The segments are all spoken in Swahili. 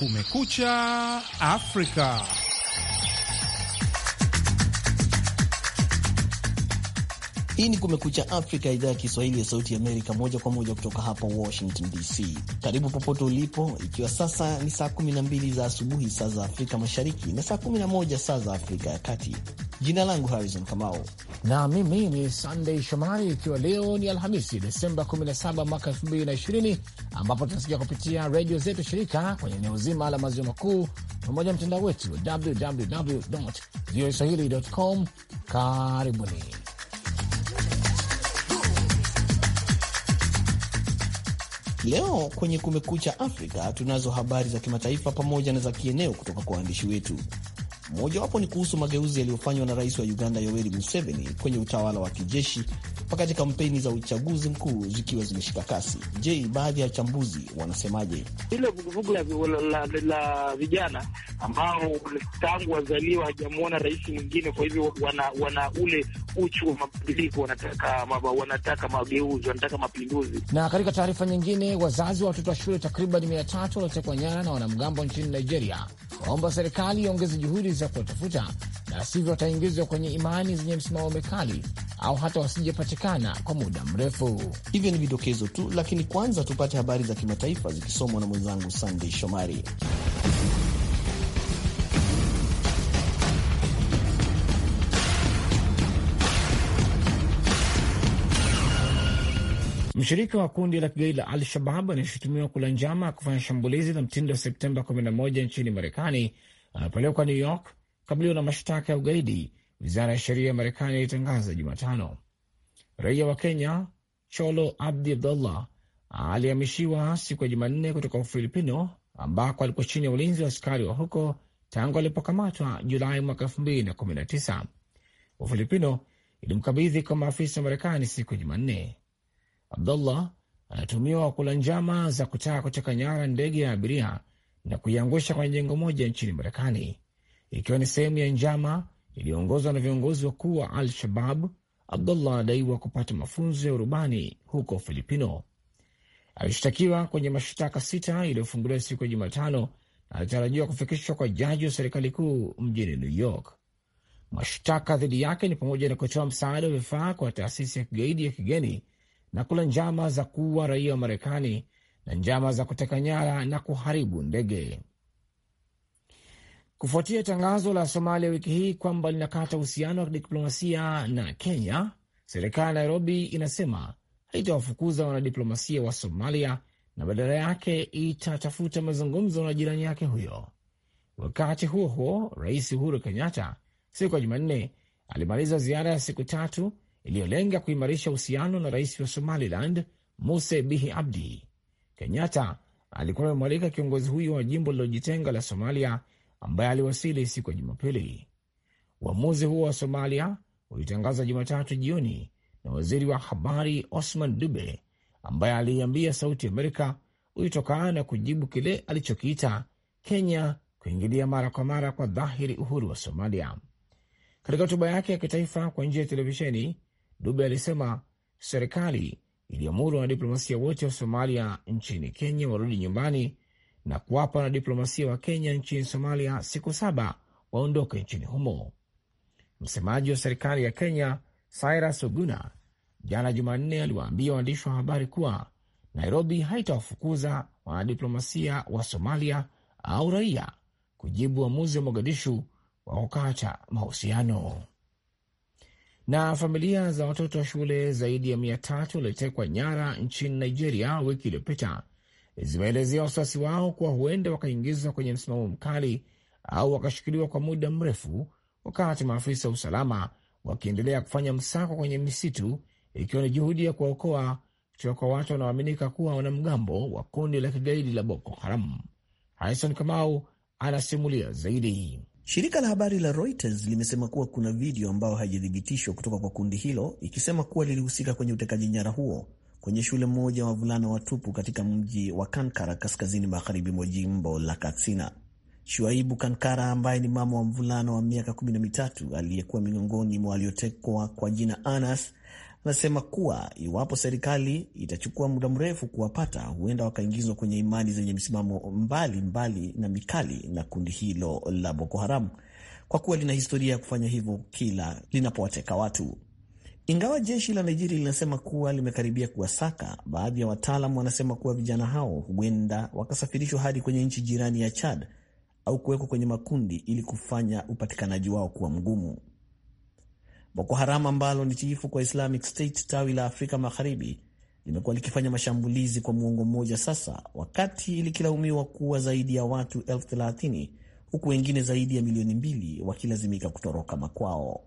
Kumekucha Afrika. Hii ni Kumekucha Afrika, idhaa ya Kiswahili ya Sauti ya Amerika, moja kwa moja kutoka hapa Washington DC. Karibu popote ulipo, ikiwa sasa ni saa 12 za asubuhi saa za Afrika Mashariki na saa 11 saa za Afrika ya Kati. Jina langu Harrison Kamau na mimi ni Sunday Shomari, ikiwa leo ni Alhamisi Desemba 17 mwaka 2020, ambapo tunasikia kupitia redio zetu shirika kwenye eneo zima la maziwa makuu pamoja na mtandao wetu www voa swahili.com. Karibuni. Leo kwenye Kumekucha Afrika tunazo habari za kimataifa pamoja na za kieneo kutoka kwa waandishi wetu. Mojawapo ni kuhusu mageuzi yaliyofanywa na rais wa Uganda Yoweri Museveni kwenye utawala wa kijeshi wakati kampeni za uchaguzi mkuu zikiwa zimeshika kasi. Je, baadhi ya wachambuzi wanasemaje? Ile vuguvugu la la, la, la vijana ambao tangu wazaliwa hajamwona rais mwingine, kwa hivyo wana, wana ule uchu wa mabadiliko, wanataka mageuzi, wanataka mapinduzi. Na katika taarifa nyingine, wazazi wa watoto wa shule takriban mia tatu wanatekwa nyara na wanamgambo nchini Nigeria waomba serikali iongeze juhudi wanaweza kuwatafuta na sivyo wataingizwa kwenye imani zenye msimamo mikali au hata wasijapatikana kwa muda mrefu. Hivyo ni vidokezo tu, lakini kwanza tupate habari za kimataifa zikisomwa na mwenzangu Sandey Shomari. Mshirika wa kundi la kigaidi la Al-Shabab anayeshutumiwa kula njama kufanya shambulizi la mtindo wa Septemba 11 nchini Marekani anapelekwa New York kukabiliwa na mashtaka ya ugaidi, wizara ya sheria ya Marekani ilitangaza Jumatano. Raia wa Kenya Cholo Abdi Abdullah alihamishiwa siku ya Jumanne kutoka Ufilipino ambako alikuwa chini ya ulinzi wa askari wa huko tangu alipokamatwa Julai mwaka elfu mbili na kumi na tisa. Ufilipino ilimkabidhi kwa maafisa wa Marekani siku ya Jumanne. Abdullah anatumiwa kula njama za kutaka kuteka nyara ndege ya abiria na kuiangusha kwenye jengo moja nchini Marekani, ikiwa ni sehemu ya njama iliyoongozwa na viongozi wakuu wa Al Shabab. Abdullah anadaiwa kupata mafunzo ya urubani huko Filipino. Alishtakiwa kwenye mashtaka sita yaliyofunguliwa siku ya Jumatano na alitarajiwa kufikishwa kwa jaji wa serikali kuu mjini New York. Mashtaka dhidi yake ni pamoja na kutoa msaada wa vifaa kwa taasisi ya kigaidi ya kigeni na kula njama za kuua raia wa Marekani na njama za kuteka nyara na kuharibu ndege. Kufuatia tangazo la Somalia wiki hii kwamba linakata uhusiano wa kidiplomasia na Kenya, serikali ya Nairobi inasema haitawafukuza wanadiplomasia wa Somalia na badala yake itatafuta mazungumzo na jirani yake huyo. Wakati huo huo, Rais Uhuru Kenyatta siku ya Jumanne alimaliza ziara ya siku tatu iliyolenga kuimarisha uhusiano na rais wa Somaliland Muse Bihi Abdi Kenyatta alikuwa amemwalika kiongozi huyo wa jimbo lililojitenga la Somalia ambaye aliwasili siku ya Jumapili. Uamuzi huo wa Somalia ulitangazwa Jumatatu jioni na waziri wa habari Osman Dube ambaye aliiambia Sauti Amerika ulitokana na kujibu kile alichokiita Kenya kuingilia mara kwa mara kwa dhahiri uhuru wa Somalia. Katika hotuba yake ya kitaifa kwa njia ya televisheni, Dube alisema serikali iliamuru wanadiplomasia wote wa Somalia nchini Kenya warudi nyumbani na kuwapa wanadiplomasia wa Kenya nchini Somalia siku saba waondoke nchini humo. Msemaji wa serikali ya Kenya Cyrus Oguna jana Jumanne aliwaambia waandishi wa habari kuwa Nairobi haitawafukuza wanadiplomasia wa Somalia au raia kujibu uamuzi wa Mogadishu wa kukata mahusiano na familia za watoto wa shule zaidi ya mia tatu waliotekwa nyara nchini Nigeria wiki iliyopita zimeelezea wasiwasi wao kuwa huenda wakaingizwa kwenye msimamo mkali au wakashikiliwa kwa muda mrefu, wakati maafisa wa usalama wakiendelea kufanya msako kwenye misitu, ikiwa ni juhudi ya kuwaokoa kutoka kwa watu wanaoaminika kuwa wanamgambo wa kundi la kigaidi la Boko Haram. Harison Kamau anasimulia zaidi. Shirika la habari la Reuters limesema kuwa kuna video ambayo haijathibitishwa kutoka kwa kundi hilo ikisema kuwa lilihusika kwenye utekaji nyara huo kwenye shule moja wavulana watupu katika mji wa Kankara kaskazini magharibi mwa jimbo la Katsina. Shuaibu Kankara ambaye ni mama wa mvulana wa miaka kumi na mitatu aliyekuwa miongoni mwa waliotekwa kwa jina Anas anasema kuwa iwapo serikali itachukua muda mrefu kuwapata, huenda wakaingizwa kwenye imani zenye misimamo mbali mbali na mikali na kundi hilo la Boko Haram, kwa kuwa lina historia ya kufanya hivyo kila linapowateka watu. Ingawa jeshi la Nigeria linasema kuwa limekaribia kuwasaka, baadhi ya wataalam wanasema kuwa vijana hao huenda wakasafirishwa hadi kwenye nchi jirani ya Chad au kuwekwa kwenye makundi ili kufanya upatikanaji wao kuwa mgumu. Boko Haram ambalo ni tiifu kwa Islamic State tawi la Afrika Magharibi limekuwa likifanya mashambulizi kwa muongo mmoja sasa, wakati likilaumiwa kuwa zaidi ya watu elfu thelathini huku wengine zaidi ya milioni mbili wakilazimika kutoroka makwao.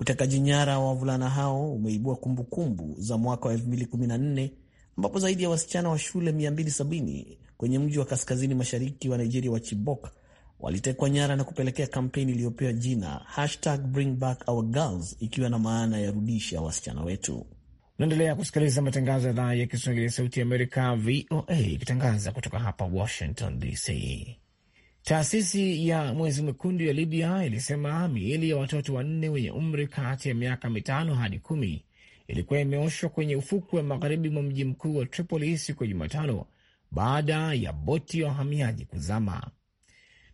Utekaji nyara wa wavulana hao umeibua kumbukumbu kumbu za mwaka wa 2014 ambapo zaidi ya wasichana wa shule 270 kwenye mji wa kaskazini mashariki wa Nigeria wa Chibok walitekwa nyara na kupelekea kampeni iliyopewa jina hashtag bring back our girls, ikiwa na maana ya rudisha wasichana wetu. Unaendelea kusikiliza matangazo ya idhaa ya Kiswahili ya Sauti ya Amerika, VOA, ikitangaza kutoka hapa Washington DC. Taasisi ya Mwezi Mwekundu ya Libya ilisema miili ya watoto wanne wenye umri kati ya miaka mitano hadi kumi ilikuwa imeoshwa kwenye ufukwe magharibi mwa mji mkuu wa Tripoli siku ya Jumatano baada ya boti ya wahamiaji kuzama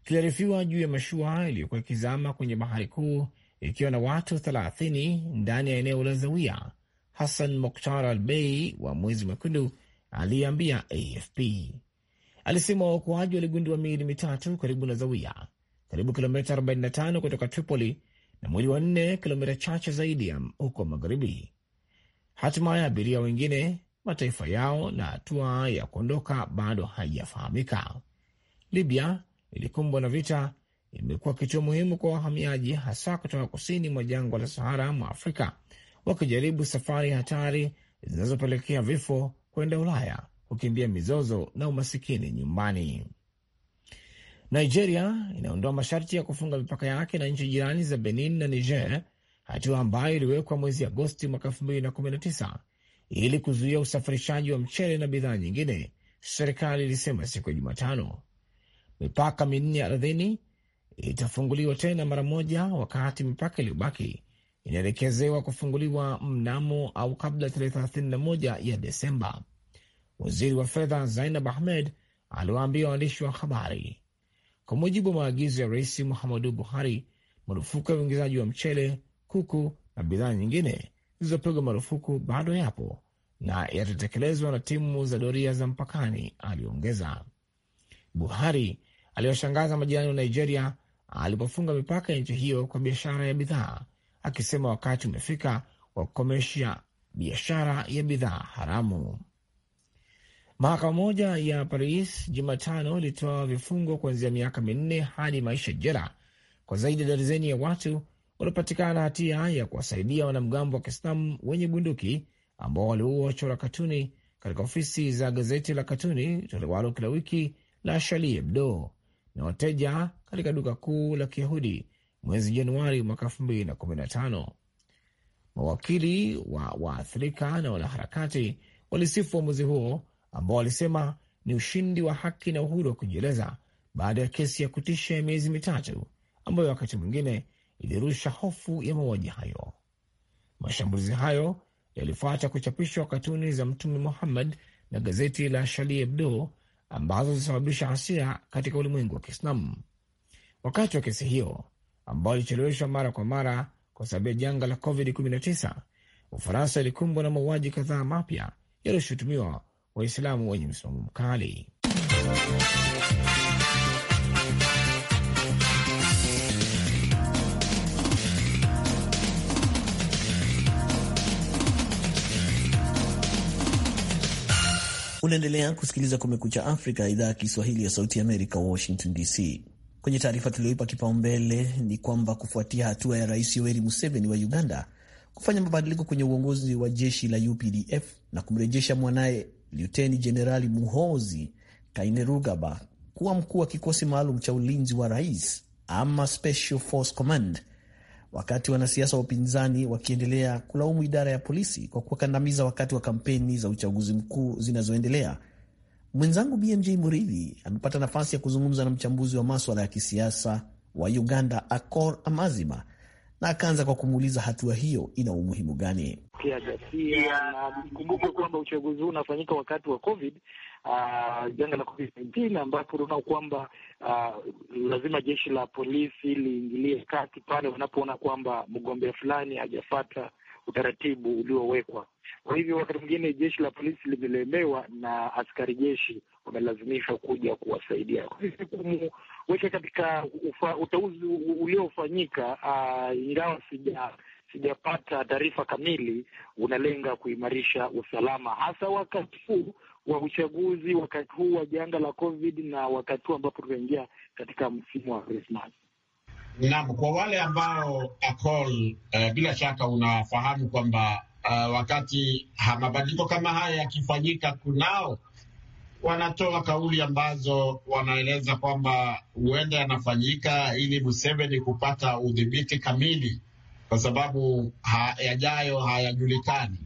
kiliarifiwa juu ya mashua iliyokuwa ikizama kwenye bahari kuu ikiwa na watu 30 ndani ya eneo la zawia Hassan Moktar Al Bei wa Mwezi Mwekundu aliyeambia AFP alisema waokoaji waligundua miili mitatu karibu na zawia karibu kilomita 45 kutoka Tripoli, na mwili wa nne kilomita chache zaidi ya huko magharibi. Hatima ya abiria wengine, mataifa yao na hatua ya kuondoka bado haijafahamika. Libya ilikumbwa na vita, imekuwa kituo muhimu kwa wahamiaji, hasa kutoka kusini mwa jangwa la Sahara mwa Afrika, wakijaribu safari hatari zinazopelekea vifo kwenda Ulaya, kukimbia mizozo na umasikini nyumbani. Nigeria inaondoa masharti ya kufunga mipaka yake na nchi jirani za Benin na Niger, hatua ambayo iliwekwa mwezi Agosti mwaka 2019 ili kuzuia usafirishaji wa mchele na bidhaa nyingine, serikali ilisema siku ya Jumatano mipaka minne ya ardhini itafunguliwa tena mara moja, wakati mipaka iliyobaki inaelekezewa kufunguliwa mnamo au kabla tarehe 31 ya Desemba. Waziri wa fedha Zainab Ahmed aliwaambia waandishi wa habari, kwa mujibu wa maagizo ya Rais Muhammadu Buhari, marufuku ya uingizaji wa mchele, kuku na bidhaa nyingine zilizopigwa marufuku bado yapo na yatatekelezwa na timu za doria za mpakani, aliongeza Buhari aliwashangaza majirani wa Nigeria alipofunga mipaka ya nchi hiyo kwa biashara ya bidhaa, akisema wakati umefika wa kukomesha biashara ya bidhaa haramu. Mahakama moja ya Paris Jumatano ilitoa vifungo kuanzia miaka minne hadi maisha jela kwa zaidi ya darizeni ya watu waliopatikana na hatia ya kuwasaidia wanamgambo wa Kiislamu wenye bunduki ambao waliua wachora katuni katika ofisi za gazeti la katuni tolewalo kila wiki la Charlie Hebdo na wateja katika duka kuu la Kiyahudi mwezi Januari mwaka tano. Mawakili wa waathirika na wanaharakati walisifu uamuzi huo ambao walisema ni ushindi wa haki na uhuru wa kujieleza baada ya kesi ya kutisha ya miezi mitatu ambayo wakati mwingine ilirusha hofu ya mauaji hayo. Mashambulizi hayo yalifuata kuchapishwa katuni za Mtume Muhammad na gazeti la Shali Ebdo ambazo zilisababisha hasira katika ulimwengu wa Kiislamu. Wakati wa kesi hiyo ambayo ilicheleweshwa mara kwa mara kwa sababu ya janga la COVID-19, Ufaransa ilikumbwa na mauaji kadhaa mapya yaliyoshutumiwa Waislamu wenye msimamo mkali. Unaendelea kusikiliza Kumekucha Afrika, idhaa ya Kiswahili ya Sauti Amerika, Washington DC. Kwenye taarifa tulioipa kipaumbele ni kwamba kufuatia hatua ya Rais Yoweri Museveni wa Uganda kufanya mabadiliko kwenye uongozi wa jeshi la UPDF na kumrejesha mwanaye Luteni Jenerali Muhozi Kainerugaba kuwa mkuu wa kikosi maalum cha ulinzi wa rais ama Special Force Command, wakati wanasiasa wa upinzani wakiendelea kulaumu idara ya polisi kwa kuwakandamiza wakati wa kampeni za uchaguzi mkuu zinazoendelea. Mwenzangu BMJ Muridhi amepata nafasi ya kuzungumza na mchambuzi wa maswala ya kisiasa wa Uganda, Akor Amazima, na akaanza kwa kumuuliza hatua hiyo ina umuhimu gani? Pia, pia, na kumbuke kwamba uchaguzi huu unafanyika wakati wa COVID Ah, janga la Covid 19 ambapo tunaona kwamba uh, lazima jeshi la polisi liingilie kati pale wanapoona kwamba mgombea fulani hajafata utaratibu uliowekwa. Kwa hivyo wakati mwingine jeshi la polisi limelemewa na askari jeshi wamelazimishwa kuja kuwasaidia. Kwa hivyo katika ufa, uteuzi uliofanyika uh, ingawa sija sijapata taarifa kamili, unalenga kuimarisha usalama hasa wakati huu wa uchaguzi wakati huu wa janga la COVID na wakati huu ambapo tutaingia katika msimu wa Krismasi. Naam, kwa wale ambao uh, Akol, eh, uh, bila shaka unafahamu kwamba Uh, wakati mabadiliko kama haya yakifanyika, kunao wanatoa kauli ambazo wanaeleza kwamba huenda yanafanyika ili Museveni kupata udhibiti kamili, kwa sababu yajayo hayajulikani.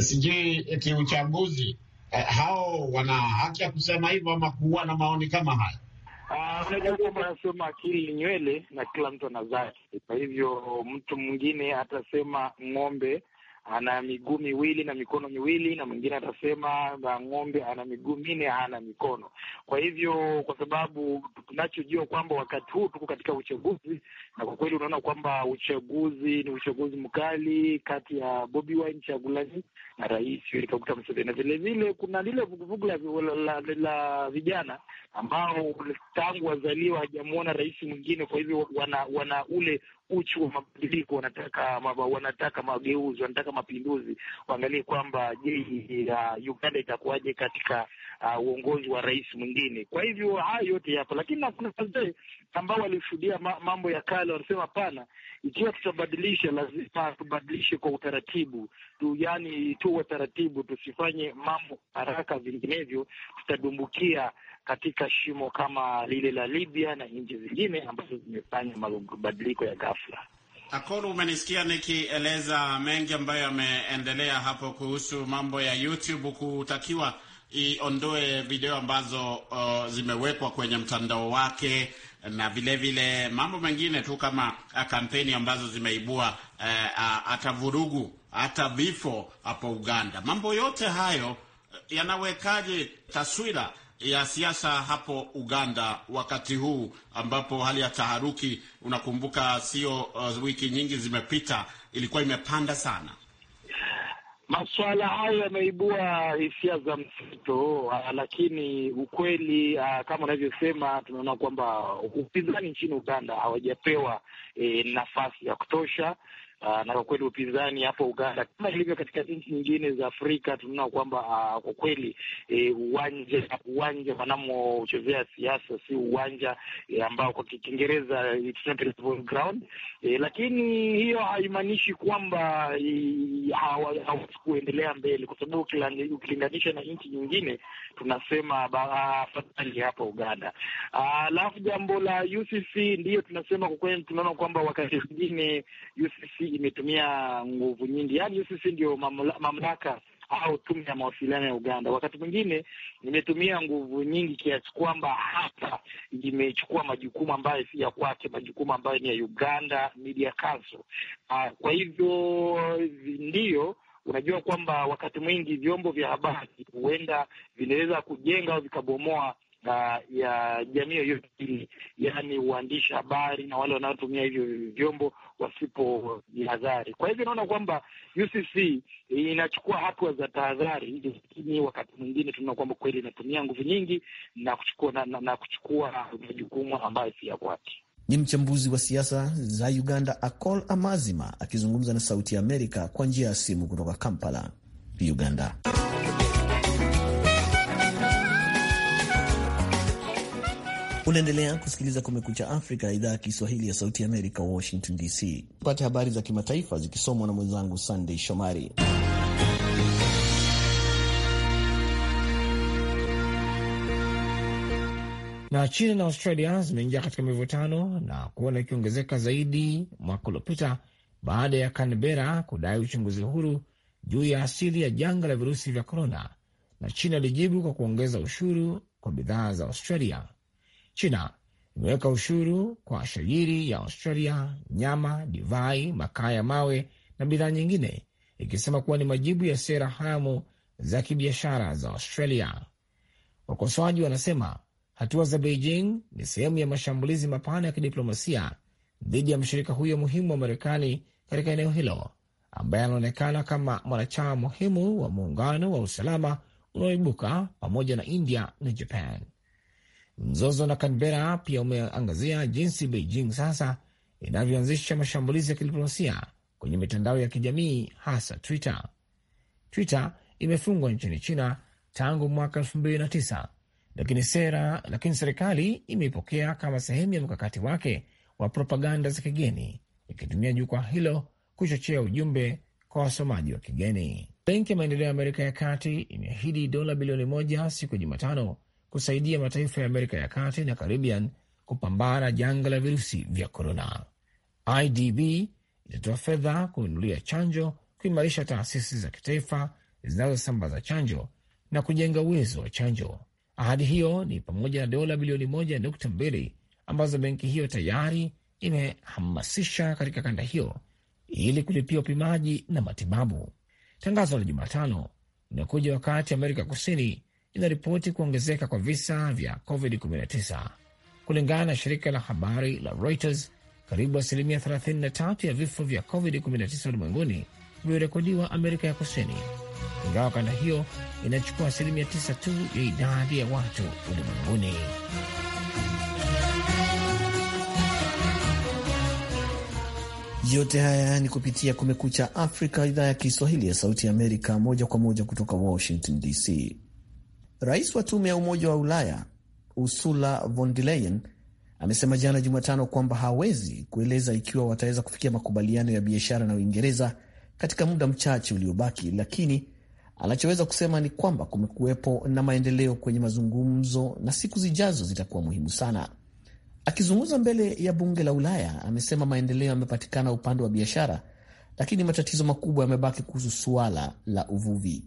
Sijui kiuchambuzi, Eh, hao wana haki ya kusema hivyo ama kuwa na maoni kama haya? Ah, Unajua kwamba anasema akili nywele na kila mtu ana zake. Kwa hivyo mtu mwingine atasema ng'ombe ana miguu miwili na mikono miwili, na mwingine atasema ng'ombe ana miguu minne hana mikono. Kwa hivyo, kwa sababu tunachojua kwamba wakati huu tuko katika uchaguzi, na kwa kweli unaona kwamba uchaguzi ni uchaguzi mkali kati ya Bobi Wine Chagulani na Rais Yoweri Kaguta Museveni, na vilevile kuna lile vuguvugu la vijana ambao tangu wazaliwa hajamwona rais mwingine, kwa hivyo wana, wana ule uchu wa mabadiliko, wanataka maba, wanataka mageuzi, wanataka mapinduzi. Waangalie kwamba je, uh, Uganda itakuwaje katika uh, uongozi wa rais mwingine. Kwa hivyo hayo yote yapo, lakini ambao walishuhudia mambo ya kale wanasema hapana, ikiwa tutabadilisha lazima tubadilishe kwa utaratibu tu, yani tuwe taratibu, tusifanye mambo haraka, vinginevyo tutadumbukia katika shimo kama lile la Libya na nchi zingine ambazo zimefanya mabadiliko ya ghafla. Akoru, umenisikia nikieleza mengi ambayo yameendelea hapo kuhusu mambo ya YouTube kutakiwa iondoe video ambazo uh, zimewekwa kwenye mtandao wake na vilevile vile mambo mengine tu kama eh, kampeni ambazo zimeibua eh, hata eh, vurugu hata vifo hapo Uganda. Mambo yote hayo eh, yanawekaje taswira ya siasa hapo Uganda wakati huu ambapo hali ya taharuki, unakumbuka, sio uh, wiki nyingi zimepita, ilikuwa imepanda sana. Masuala hayo yameibua hisia za mseto, ah, lakini ukweli a, ah, kama unavyosema, tunaona kwamba upinzani nchini Uganda hawajapewa e, nafasi ya kutosha Uh, na kwa kweli upinzani hapo Uganda kama ilivyo katika nchi nyingine za Afrika tunaona kwamba uh, kwa kweli e, uwanja uwanja wanamochezea siasa si uwanja e, ambao kwa Kiingereza ground e, lakini hiyo haimaanishi kwamba hawawezi kuendelea mbele, kwa sababu ukilinganisha na nchi nyingine tunasema ah, afadhali hapa Uganda. Alafu jambo la UCC ndiyo tunasema kwa kweli tunaona kwamba wakati mwingine UCC imetumia nguvu nyingi, yaani sisi ndio mamlaka au tume ya mawasiliano ya Uganda wakati mwingine imetumia nguvu nyingi kiasi kwamba hata imechukua majukumu ambayo si ya kwake, majukumu ambayo ni ya Uganda Media Council. Uh, kwa hivyo ndio unajua kwamba wakati mwingi vyombo vya habari huenda vinaweza kujenga au vikabomoa uh, ya jamii yoyote, yaani uandishi habari na wale wanaotumia hivyo vyombo wasipojihadhari. Uh, kwa hivyo naona kwamba UCC inachukua hatua za tahadhari, lakini wakati mwingine tunaona kwamba kweli inatumia nguvu nyingi na kuchukua na, na, na kuchukua majukumu ambayo si ya kwake. Ni mchambuzi wa siasa za Uganda Akol Amazima akizungumza na Sauti ya Amerika kwa njia ya simu kutoka Kampala, Uganda. Unaendelea kusikiliza Kumekucha Afrika, idhaa ya Kiswahili ya Sauti Amerika, Washington DC. Tupate habari za kimataifa zikisomwa na mwenzangu Sandey Shomari. Na China na Australia zimeingia katika mivutano na kuona ikiongezeka zaidi mwaka uliopita baada ya Canberra kudai uchunguzi huru juu ya asili ya janga la virusi vya korona, na China ilijibu kwa kuongeza ushuru kwa bidhaa za Australia China imeweka ushuru kwa shayiri ya Australia, nyama, divai, makaa ya mawe na bidhaa nyingine, ikisema kuwa ni majibu ya sera haramu za kibiashara za Australia. Wakosoaji wanasema hatua za Beijing ni sehemu ya mashambulizi mapana ya kidiplomasia dhidi ya mshirika huyo muhimu wa Marekani katika eneo hilo ambaye anaonekana kama mwanachama muhimu wa muungano wa usalama unaoibuka pamoja na India na Japan. Mzozo na Canberra pia umeangazia jinsi Beijing sasa inavyoanzisha mashambulizi ya kidiplomasia kwenye mitandao ya kijamii hasa Twitter. Twitter imefungwa nchini China tangu mwaka 29 lakini sera lakini serikali imeipokea kama sehemu ya mkakati wake wa propaganda za kigeni, ikitumia jukwaa hilo kuchochea ujumbe kwa wasomaji wa kigeni. Benki ya Maendeleo ya Amerika ya Kati imeahidi dola bilioni moja siku ya Jumatano kusaidia mataifa ya Amerika ya Kati na Caribbean kupambana na janga la virusi vya korona. IDB itatoa fedha kununulia chanjo, kuimarisha taasisi za kitaifa zinazosambaza chanjo na kujenga uwezo wa chanjo. Ahadi hiyo ni pamoja na dola bilioni moja nukta mbili ambazo benki hiyo tayari imehamasisha katika kanda hiyo ili kulipia upimaji na matibabu. Tangazo la Jumatano linakuja wakati Amerika Kusini inaripoti kuongezeka kwa visa vya COVID-19. Kulingana na shirika la habari la Reuters, karibu asilimia 33 ya vifo vya COVID-19 ulimwenguni vimerekodiwa Amerika ya Kusini, ingawa kanda hiyo inachukua asilimia 9 tu ya idadi ya watu ulimwenguni. Yote haya ni kupitia Kumekucha Afrika, idhaa ya Kiswahili ya Sauti ya Amerika, moja kwa moja kutoka Washington DC. Rais wa tume ya Umoja wa Ulaya Ursula von der Leyen amesema jana Jumatano kwamba hawezi kueleza ikiwa wataweza kufikia makubaliano ya biashara na Uingereza katika muda mchache uliobaki, lakini anachoweza kusema ni kwamba kumekuwepo na maendeleo kwenye mazungumzo na siku zijazo zitakuwa muhimu sana. Akizungumza mbele ya bunge la Ulaya, amesema maendeleo yamepatikana upande wa biashara, lakini matatizo makubwa yamebaki kuhusu suala la uvuvi.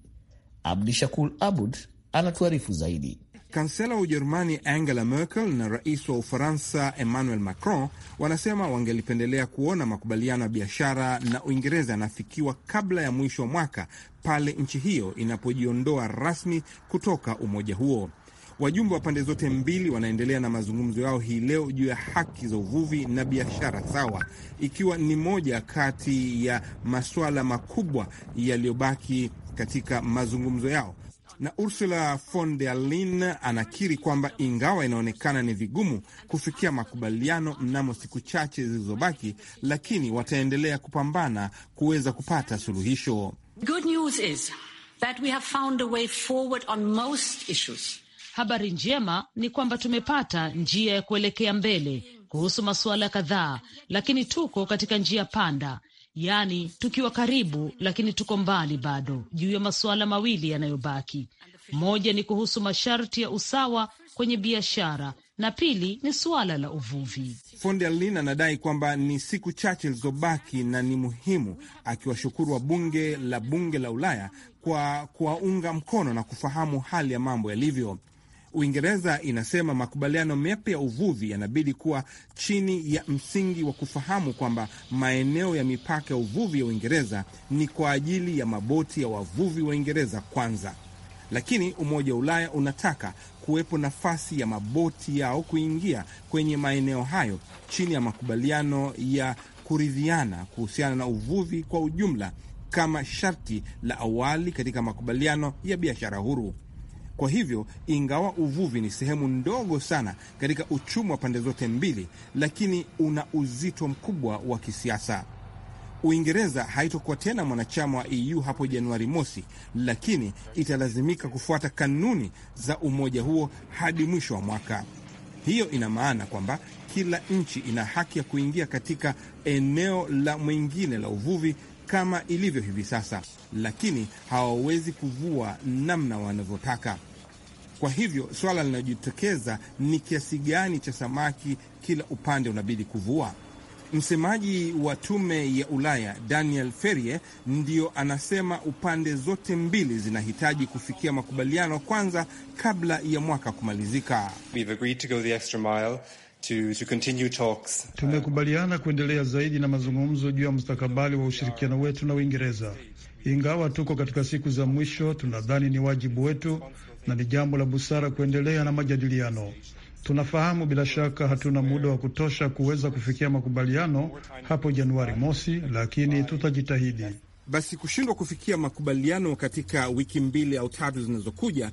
Abdishakur Abud anatuarifu zaidi. Kansela wa Ujerumani Angela Merkel na rais wa Ufaransa Emmanuel Macron wanasema wangelipendelea kuona makubaliano ya biashara na Uingereza yanafikiwa kabla ya mwisho wa mwaka pale nchi hiyo inapojiondoa rasmi kutoka umoja huo. Wajumbe wa pande zote mbili wanaendelea na mazungumzo yao hii leo juu ya haki za uvuvi na biashara sawa, ikiwa ni moja kati ya masuala makubwa yaliyobaki katika mazungumzo yao na Ursula von der Leyen anakiri kwamba ingawa inaonekana ni vigumu kufikia makubaliano mnamo siku chache zilizobaki, lakini wataendelea kupambana kuweza kupata suluhisho. Good news is that we have found a way forward on most issues. Habari njema ni kwamba tumepata njia ya kuelekea mbele kuhusu masuala kadhaa, lakini tuko katika njia panda yaani tukiwa karibu lakini tuko mbali bado, juu ya masuala mawili yanayobaki. Moja ni kuhusu masharti ya usawa kwenye biashara na pili ni suala la uvuvi. Fondelin anadai kwamba ni siku chache zilizobaki na ni muhimu, akiwashukuru wabunge la bunge la Ulaya kwa kuwaunga mkono na kufahamu hali ya mambo yalivyo. Uingereza inasema makubaliano mapya ya uvuvi yanabidi kuwa chini ya msingi wa kufahamu kwamba maeneo ya mipaka ya uvuvi ya Uingereza ni kwa ajili ya maboti ya wavuvi wa Uingereza kwanza, lakini Umoja wa Ulaya unataka kuwepo nafasi ya maboti yao kuingia kwenye maeneo hayo chini ya makubaliano ya kuridhiana kuhusiana na uvuvi kwa ujumla kama sharti la awali katika makubaliano ya biashara huru. Kwa hivyo, ingawa uvuvi ni sehemu ndogo sana katika uchumi wa pande zote mbili, lakini una uzito mkubwa wa kisiasa. Uingereza haitokuwa tena mwanachama wa EU hapo Januari mosi, lakini italazimika kufuata kanuni za umoja huo hadi mwisho wa mwaka. Hiyo ina maana kwamba kila nchi ina haki ya kuingia katika eneo la mwingine la uvuvi kama ilivyo hivi sasa, lakini hawawezi kuvua namna wanavyotaka. Kwa hivyo swala linalojitokeza ni kiasi gani cha samaki kila upande unabidi kuvua. Msemaji wa tume ya Ulaya Daniel Ferrier ndiyo anasema upande zote mbili zinahitaji kufikia makubaliano kwanza kabla ya mwaka kumalizika. We've agreed to go the extra mile to, to continue talks. Tumekubaliana kuendelea zaidi na mazungumzo juu ya mustakabali wa ushirikiano wetu na Uingereza. Ingawa tuko katika siku za mwisho, tunadhani ni wajibu wetu na ni jambo la busara kuendelea na majadiliano. Tunafahamu bila shaka hatuna muda wa kutosha kuweza kufikia makubaliano hapo Januari mosi, lakini tutajitahidi. Basi kushindwa kufikia makubaliano katika wiki mbili au tatu zinazokuja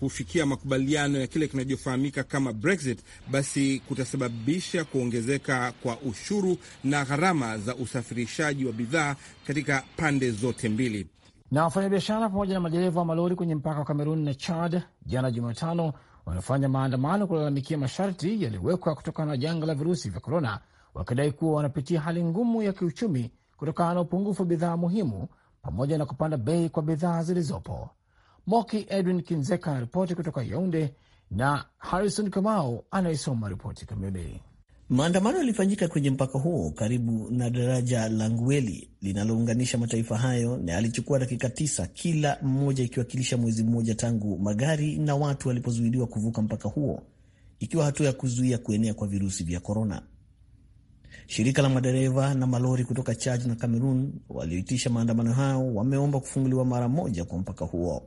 kufikia makubaliano ya kile kinachofahamika kama Brexit, basi kutasababisha kuongezeka kwa ushuru na gharama za usafirishaji wa bidhaa katika pande zote mbili. Na wafanyabiashara pamoja na madereva wa malori kwenye mpaka wa Kamerun na Chad jana Jumatano wanafanya maandamano kulalamikia masharti yaliyowekwa kutokana na janga la virusi vya korona, wakidai kuwa wanapitia hali ngumu ya kiuchumi kutokana na upungufu wa bidhaa muhimu pamoja na kupanda bei kwa bidhaa zilizopo. Moki Edwin Kinzeka anaripoti kutoka Yaunde na Harrison Kamau anayesoma ripoti kamili. Maandamano yalifanyika kwenye mpaka huo karibu na daraja la Ngweli linalounganisha mataifa hayo na yalichukua dakika tisa kila mmoja, ikiwakilisha mwezi mmoja tangu magari na watu walipozuiliwa kuvuka mpaka huo, ikiwa hatua ya kuzuia kuenea kwa virusi vya korona. Shirika la madereva na malori kutoka Chad na Cameroon walioitisha maandamano hayo wameomba kufunguliwa mara moja kwa mpaka huo.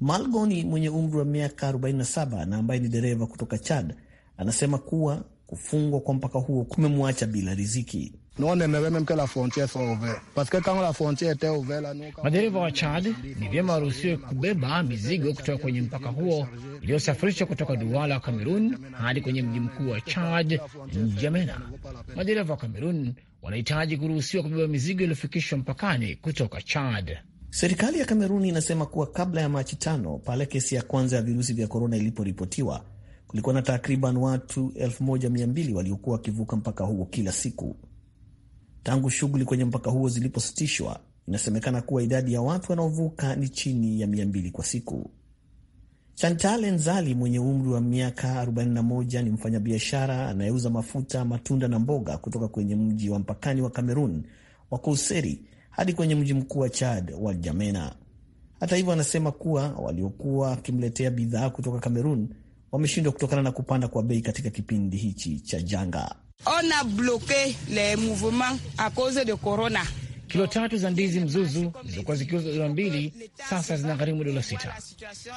Malgoni mwenye umri wa miaka 47 na ambaye ni dereva kutoka Chad anasema kuwa kufungwa kwa mpaka huo kumemwacha bila riziki. Madereva wa Chad ni vyema waruhusiwe kubeba mizigo kutoka kwenye mpaka huo iliyosafirishwa kutoka Duala wa Kamerun hadi kwenye mji mkuu wa Chad, Njamena. Madereva wa Kamerun wanahitaji kuruhusiwa kubeba mizigo iliyofikishwa mpakani kutoka Chad. Serikali ya Kameruni inasema kuwa kabla ya Machi tano, pale kesi ya kwanza ya virusi vya korona iliporipotiwa, kulikuwa na takriban watu 1200 waliokuwa wakivuka mpaka huo kila siku. Tangu shughuli kwenye mpaka huo zilipositishwa, inasemekana kuwa idadi ya watu wanaovuka ni chini ya 200 kwa siku. Chantale Nzali mwenye umri wa miaka 41 ni mfanyabiashara anayeuza mafuta, matunda na mboga kutoka kwenye mji wa mpakani wa Kamerun wa Kouseri hadi kwenye mji mkuu wa Chad wa Jamena. Hata hivyo, anasema kuwa waliokuwa wakimletea bidhaa kutoka Kamerun wameshindwa kutokana na kupanda kwa bei katika kipindi hichi cha janga. Ona bloke le mouvement a cause de corona. Kilo tatu za ndizi mzuzu zilizokuwa zikiuzwa dola mbili sasa zinagharimu dola sita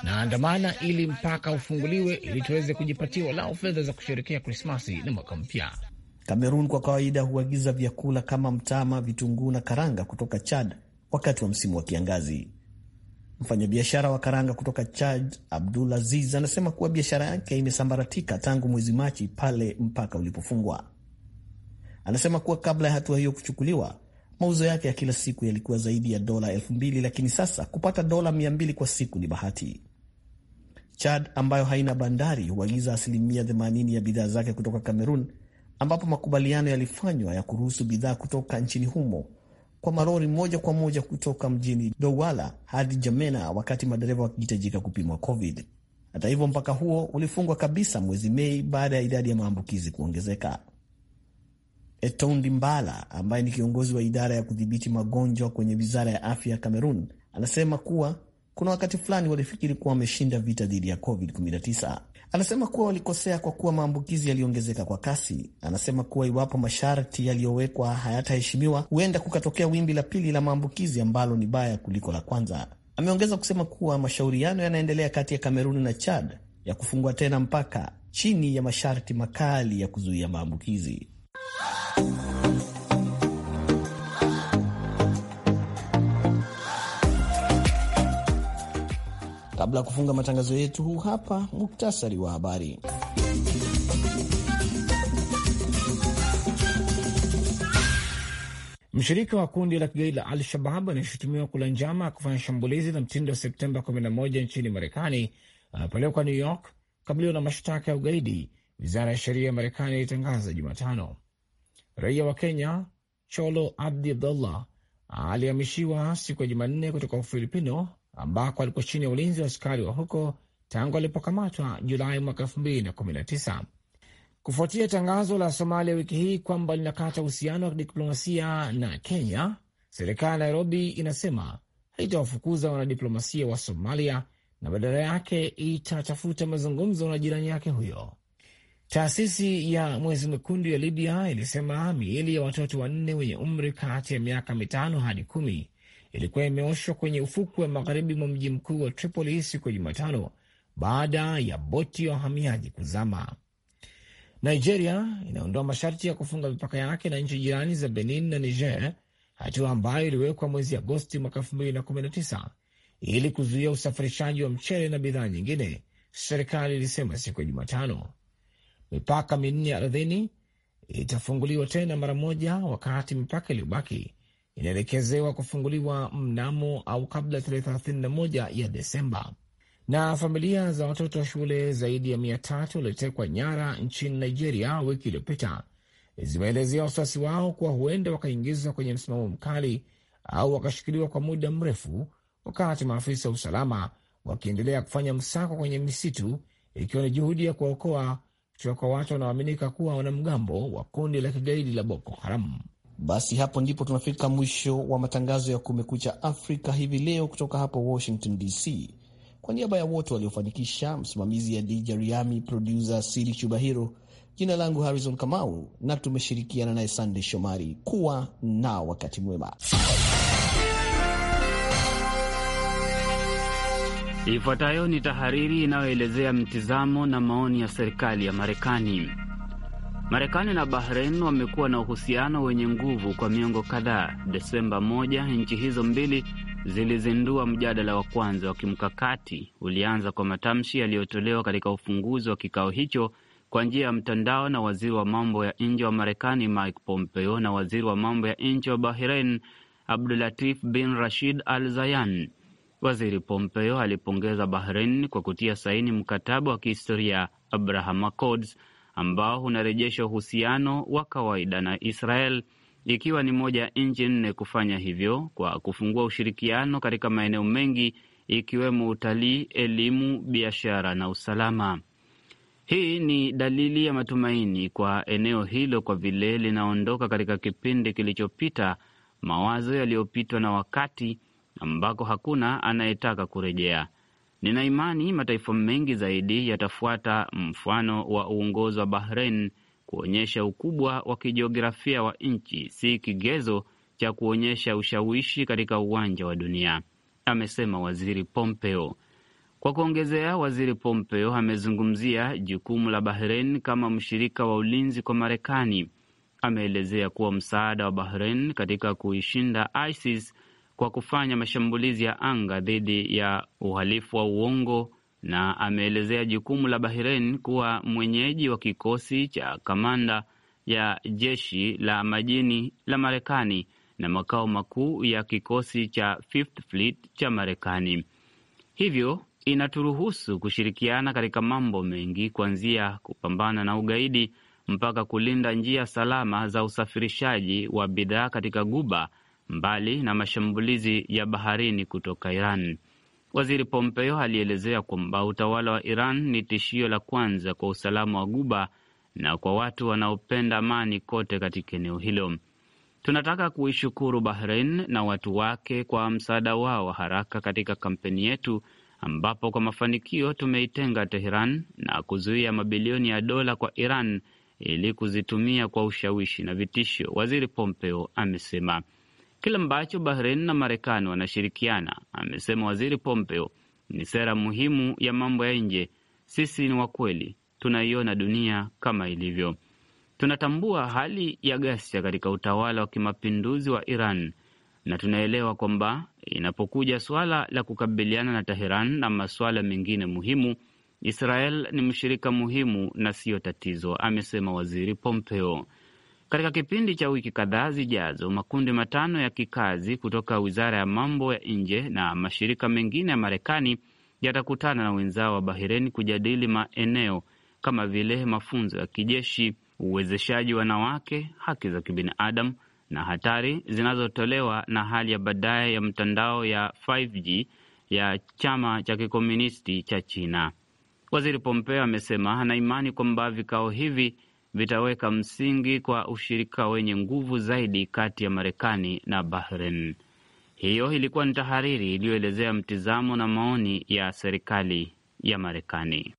na andamana ili mpaka ufunguliwe ili tuweze kujipatia walau fedha za kusherekea Krismasi na mwaka mpya. Kamerun kwa kawaida huagiza vyakula kama mtama, vitunguu na karanga kutoka Chad wakati wa msimu wa kiangazi. Mfanyabiashara wa karanga kutoka Chad, Abdul Aziz, anasema kuwa biashara yake imesambaratika tangu mwezi Machi pale mpaka ulipofungwa. Anasema kuwa kabla ya hatua hiyo kuchukuliwa, mauzo yake ya kila siku yalikuwa zaidi ya dola elfu mbili lakini sasa kupata dola mia mbili kwa siku ni bahati. Chad ambayo haina bandari huagiza asilimia 80 ya bidhaa zake kutoka Cameroon ambapo makubaliano yalifanywa ya kuruhusu bidhaa kutoka nchini humo kwa malori moja kwa moja kutoka mjini Douala hadi Jamena, wakati madereva wakihitajika kupimwa COVID. Hata hivyo, mpaka huo ulifungwa kabisa mwezi Mei baada ya idadi ya maambukizi kuongezeka. Etondi Mbala ambaye ni kiongozi wa idara ya kudhibiti magonjwa kwenye wizara ya afya ya Cameroon anasema kuwa kuna wakati fulani walifikiri kuwa wameshinda vita dhidi ya COVID-19. Anasema kuwa walikosea kwa kuwa maambukizi yaliongezeka kwa kasi. Anasema kuwa iwapo masharti yaliyowekwa hayataheshimiwa, huenda kukatokea wimbi la pili la maambukizi ambalo ni baya kuliko la kwanza. Ameongeza kusema kuwa mashauriano yanaendelea kati ya Kameruni na Chad ya kufungua tena mpaka chini ya masharti makali ya kuzuia maambukizi. Kabla ya kufunga matangazo yetu, huu hapa muktasari wa habari. Mshirika wa kundi la kigaidi la Al-Shabab anayeshutumiwa kula njama kufanya shambulizi la mtindo wa Septemba 11 nchini Marekani anapelekwa New York kabiliwa na mashtaka ya ugaidi, wizara ya sheria ya Marekani ilitangaza Jumatano. Raia wa Kenya Cholo Abdi Abdullah aliamishiwa siku ya Jumanne kutoka Ufilipino ambako alikuwa chini ya ulinzi wa askari wa huko tangu alipokamatwa Julai mwaka 2019 kufuatia tangazo la Somalia wiki hii kwamba linakata uhusiano wa kidiplomasia na Kenya. Serikali ya Nairobi inasema haitawafukuza wanadiplomasia wa Somalia na badala yake itatafuta mazungumzo na jirani yake huyo. Taasisi ya Mwezi Mwekundu ya Libya ilisema miili ya watoto wanne wenye umri kati ya miaka mitano hadi kumi ilikuwa imeoshwa kwenye ufukwe wa magharibi mwa mji mkuu wa Tripoli siku ya Jumatano baada ya boti ya wahamiaji kuzama. Nigeria inaondoa masharti ya kufunga mipaka yake na nchi jirani za Benin na Niger, hatua ambayo iliwekwa mwezi Agosti mwaka 2019 ili kuzuia usafirishaji wa mchele na bidhaa nyingine, serikali ilisema siku ya Jumatano. Mipaka minne ardhini itafunguliwa tena mara moja, wakati mipaka iliyobaki inaelekezewa kufunguliwa mnamo au kabla tarehe 31 ya Desemba. Na familia za watoto wa shule zaidi ya mia tatu waliotekwa nyara nchini Nigeria wiki iliyopita zimeelezea wasiwasi wao kuwa huenda wakaingizwa kwenye msimamo mkali au wakashikiliwa kwa muda mrefu, wakati maafisa wa usalama wakiendelea kufanya msako kwenye misitu, ikiwa ni juhudi ya kuwaokoa kutoka kwa watu wanaoaminika kuwa wanamgambo wa kundi la kigaidi la Boko Haram. Basi hapo ndipo tunafika mwisho wa matangazo ya Kumekucha Afrika hivi leo kutoka hapa Washington DC. Kwa niaba ya wote waliofanikisha, msimamizi ya DJ Riami, produsa Siri Chubahiro, jina langu Harrison Kamau na tumeshirikiana naye Sandey Shomari. Kuwa na wakati mwema. Ifuatayo ni tahariri inayoelezea mtizamo na maoni ya serikali ya Marekani. Marekani na Bahrein wamekuwa na uhusiano wenye nguvu kwa miongo kadhaa. Desemba moja, nchi hizo mbili zilizindua mjadala wa kwanza wa kimkakati. Ulianza kwa matamshi yaliyotolewa katika ufunguzi wa kikao hicho kwa njia ya mtandao na waziri wa mambo ya nje wa Marekani Mike Pompeo na waziri wa mambo ya nje wa Bahrein Abdulatif bin Rashid Al Zayan. Waziri Pompeo alipongeza Bahrein kwa kutia saini mkataba wa kihistoria Abraham Accords ambao unarejesha uhusiano wa kawaida na Israel, ikiwa ni moja ya nchi nne kufanya hivyo kwa kufungua ushirikiano katika maeneo mengi ikiwemo utalii, elimu, biashara na usalama. Hii ni dalili ya matumaini kwa eneo hilo, kwa vile linaondoka katika kipindi kilichopita, mawazo yaliyopitwa na wakati ambako hakuna anayetaka kurejea. Nina imani mataifa mengi zaidi yatafuata mfano wa uongozi wa Bahrain kuonyesha ukubwa wa kijiografia wa nchi si kigezo cha kuonyesha ushawishi katika uwanja wa dunia, amesema Waziri Pompeo. Kwa kuongezea, Waziri Pompeo amezungumzia jukumu la Bahrain kama mshirika wa ulinzi kwa Marekani. Ameelezea kuwa msaada wa Bahrain katika kuishinda ISIS kwa kufanya mashambulizi ya anga dhidi ya uhalifu wa uongo na ameelezea jukumu la Bahrein kuwa mwenyeji wa kikosi cha kamanda ya jeshi la majini la Marekani na makao makuu ya kikosi cha Fifth Fleet cha Marekani. Hivyo inaturuhusu kushirikiana katika mambo mengi, kuanzia kupambana na ugaidi mpaka kulinda njia salama za usafirishaji wa bidhaa katika Guba mbali na mashambulizi ya baharini kutoka Iran. Waziri Pompeo alielezea kwamba utawala wa Iran ni tishio la kwanza kwa usalama wa Guba na kwa watu wanaopenda amani kote katika eneo hilo. Tunataka kuishukuru Bahrain na watu wake kwa msaada wao wa haraka katika kampeni yetu, ambapo kwa mafanikio tumeitenga Teheran na kuzuia mabilioni ya dola kwa Iran ili kuzitumia kwa ushawishi na vitisho, Waziri Pompeo amesema kile ambacho Bahrein na Marekani wanashirikiana, amesema Waziri Pompeo. Ni sera muhimu ya mambo ya nje. Sisi ni wakweli, tunaiona dunia kama ilivyo. Tunatambua hali ya ghasia katika utawala wa kimapinduzi wa Iran na tunaelewa kwamba inapokuja suala la kukabiliana na Teheran na masuala mengine muhimu, Israel ni mshirika muhimu na siyo tatizo, amesema Waziri Pompeo. Katika kipindi cha wiki kadhaa zijazo, makundi matano ya kikazi kutoka wizara ya mambo ya nje na mashirika mengine ya Marekani yatakutana na wenzao wa Bahrein kujadili maeneo kama vile mafunzo ya kijeshi, uwezeshaji wanawake, haki za kibinadamu na hatari zinazotolewa na hali ya baadaye ya mtandao ya 5G ya chama cha kikomunisti cha China. Waziri Pompeo amesema ana imani kwamba vikao hivi vitaweka msingi kwa ushirika wenye nguvu zaidi kati ya Marekani na Bahrain. Hiyo ilikuwa ni tahariri iliyoelezea mtizamo na maoni ya serikali ya Marekani.